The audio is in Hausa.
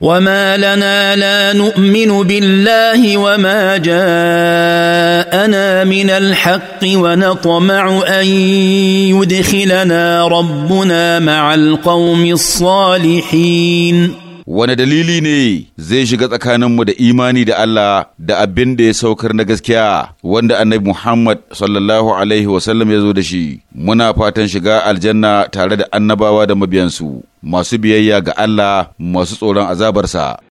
وما لنا لا نؤمن بالله وما جاءنا من الحق ونطمع ان يدخلنا ربنا مع القوم الصالحين wani dalili ne zai shiga tsakaninmu da imani da Allah da abin da ya saukar na gaskiya wanda annabi Muhammad sallallahu alaihi wasallam ya zo da shi muna fatan shiga aljanna tare da annabawa da mabiyansu masu biyayya ga Allah masu tsoron azabarsa.